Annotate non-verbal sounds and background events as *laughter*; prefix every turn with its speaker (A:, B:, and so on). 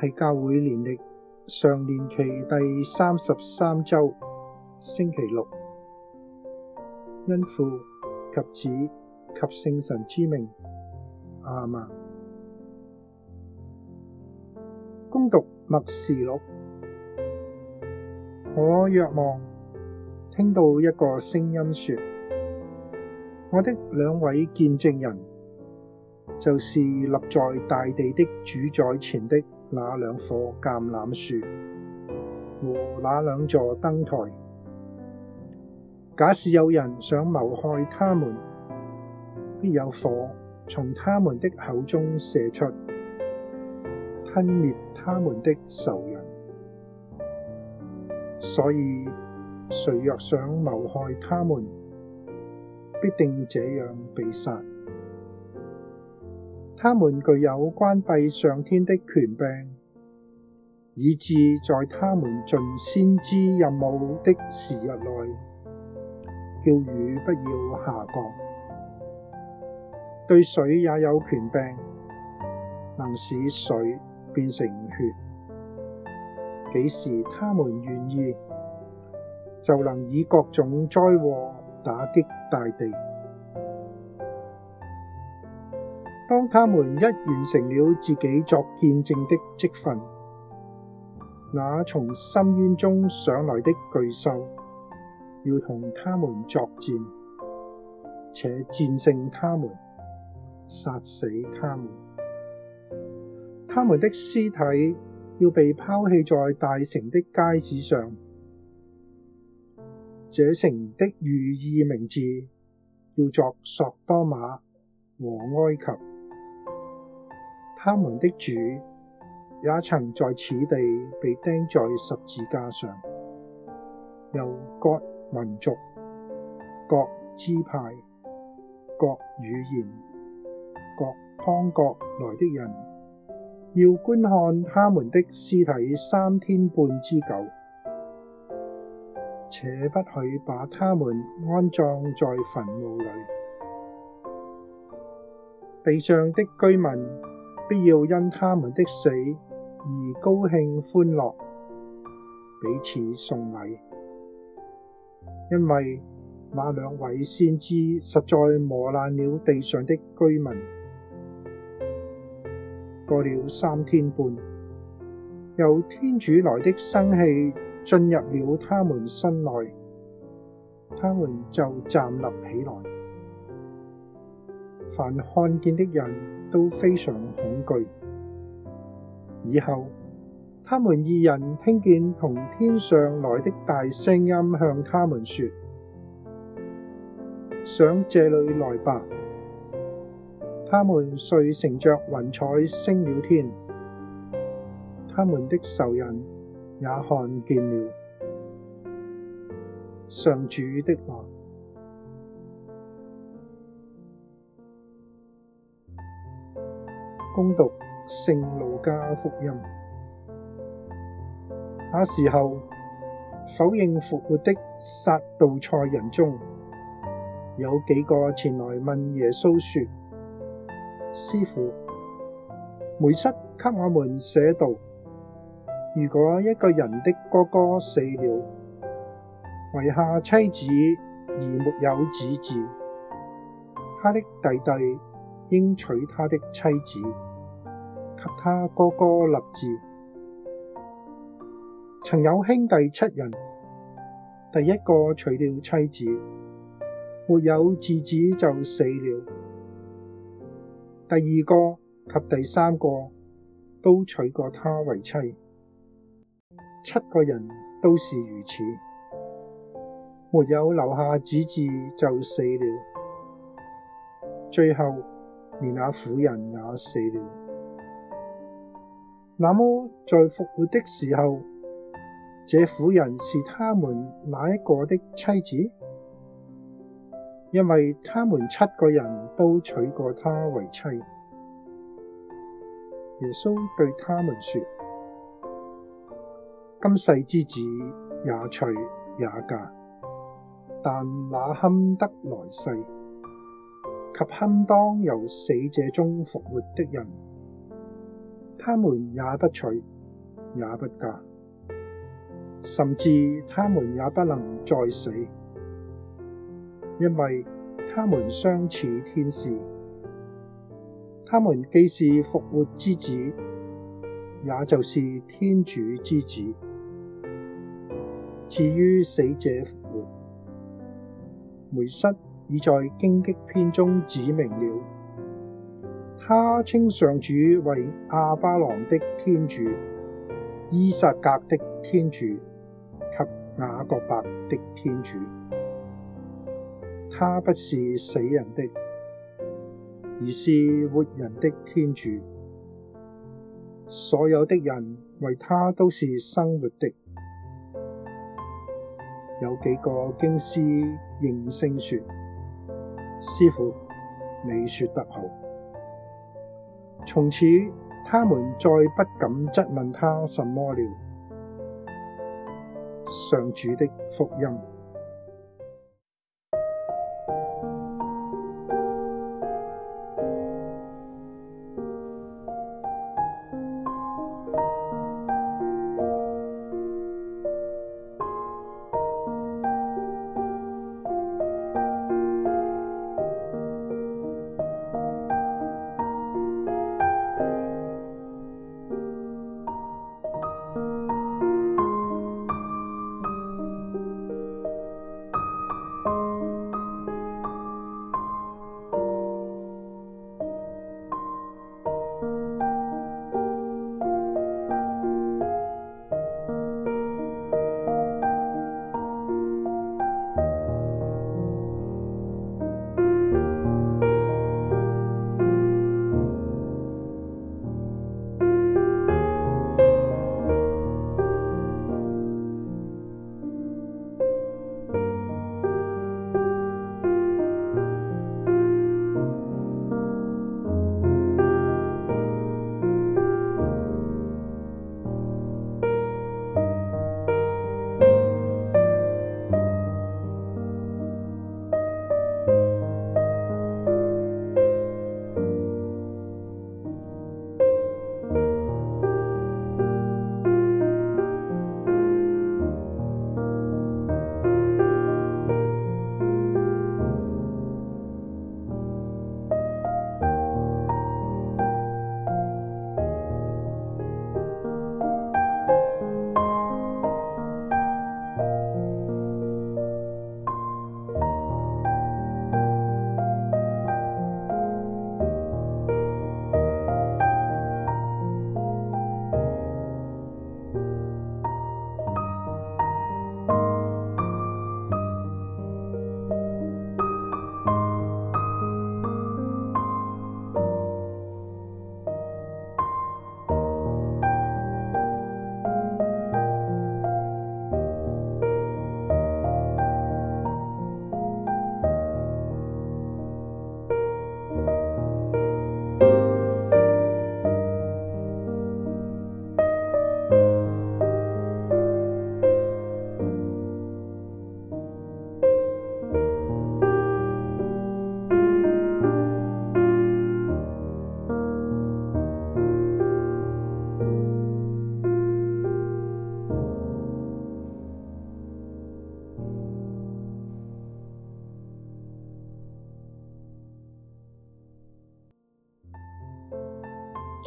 A: 係教會年曆常年期第三十三周星期六，因父及子及聖神之名阿們。恭讀默示錄。我若望聽到一個聲音說：我的兩位見證人，就是立在大地的主宰前的。那兩棵橄欖樹和那兩座燈台，假使有人想謀害他們，必有火從他們的口中射出，吞滅他們的仇人。所以，誰若想謀害他們，必定這樣被殺。他們具有關閉上天的權柄，以致在他們盡先知任務的時日內，叫雨不要下降；對水也有權柄，能使水變成血。幾時他們願意，就能以各種災禍打擊大地。當他們一完成了自己作見證的職分，那從深淵中上來的巨獸要同他們作戰，且戰勝他們，殺死他們。他們的屍體要被拋棄在大城的街市上。這城的寓意名字叫做索多瑪和埃及。他們的主也曾在此地被釘在十字架上，由各民族、各支派、各語言、各邦國來的人，要觀看他們的屍體三天半之久，且不許把他們安葬在墳墓裏，地上的居民。不要因他們的死而高興歡樂，彼此送禮，因為那兩位先知實在磨爛了地上的居民。過了三天半，由天主來的生氣進入了他們身內，他們就站立起來。凡看見的人，都非常恐懼。以後，他們二人聽見同天上來的大聲音向他們說： *noise* 上這裏來吧！他們遂乘着雲彩升了天。他們的仇人也看見了，上主的話恭讀聖路加福音，那時候，否認復活的撒杜塞人中有幾個前來問耶穌說：師傅，梅瑟給我們寫道，如果一個人的哥哥死了，遺下妻子而沒有子嗣，他的弟弟應娶他的妻子。及他哥哥立嗣，曾有兄弟七人，第一個娶了妻子，沒有嗣子就死了；第二個及第三個都娶過她為妻，七個人都是如此，沒有留下子嗣就死了。最後連那婦人也死了。那麼在復活的時候，這婦人是他們哪一個的妻子？因為他們七個人都娶過她為妻。耶穌對他們說：今世之子也娶也嫁，但那堪得來世，及堪當由死者中復活的人。他們也不娶，也不嫁，甚至他們也不能再死，因為他們相似天使。他們既是復活之子，也就是天主之子，至於死者復活，梅瑟已在荊棘篇中指明了。他稱上主為亞巴郎的天主、依撒格的天主及雅各伯的天主。他不是死人的，而是活人的天主。所有的人為他都是生活的。有幾個經師應聲說：師傅，你說得好。從此，他們再不敢質問他什麼了。上主的福音。